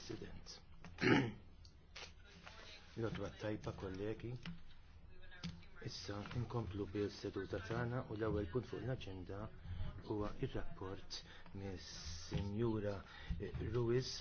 President. Lodwa tajba kollegi. Issa inkomplu bil-seduta tagħna u l-ewwel punt fuq l-aġenda huwa ir-rapport mis-Sinjura Ruiz